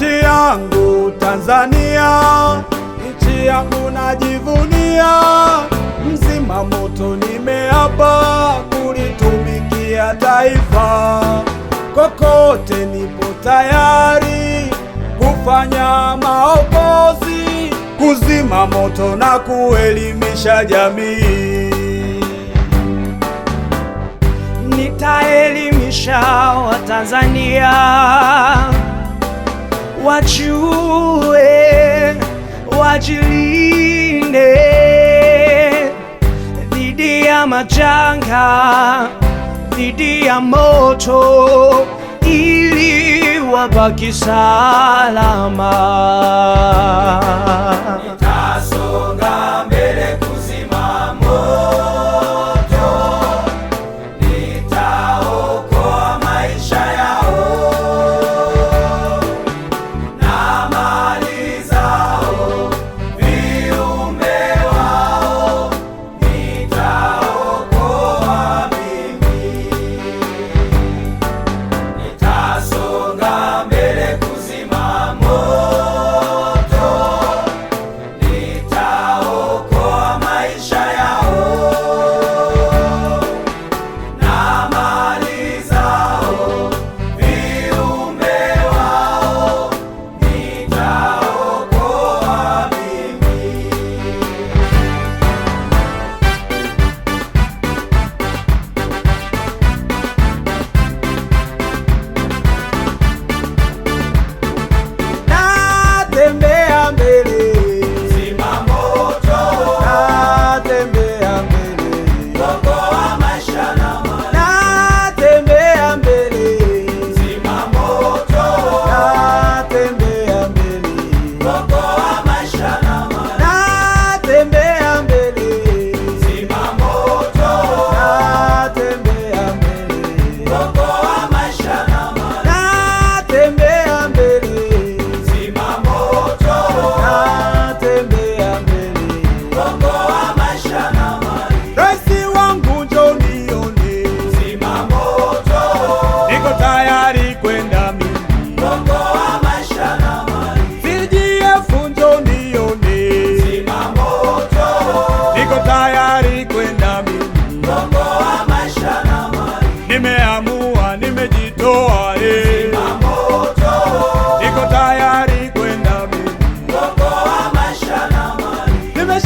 nchi yangu Tanzania, nchi yangu najivunia, mzima moto nimeapa kulitumikia taifa, kokote nipo tayari kufanya maokozi, kuzima moto na kuelimisha jamii. Nitaelimisha Watanzania wajue, wajilinde dhidi ya majanga, dhidi ya moto, ili wabaki salama. Boko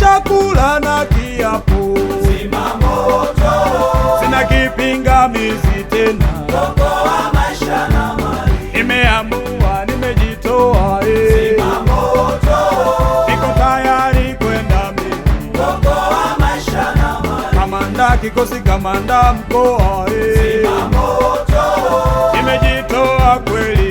chakula na kiapo, Simama moto, sina kipingamizi tena, okoa maisha na mali, nimeamua nimejitoa, eh. Simama moto, kwenda mbele, kikosi, kamanda mkoa, eh. Simama nimejitoa kweli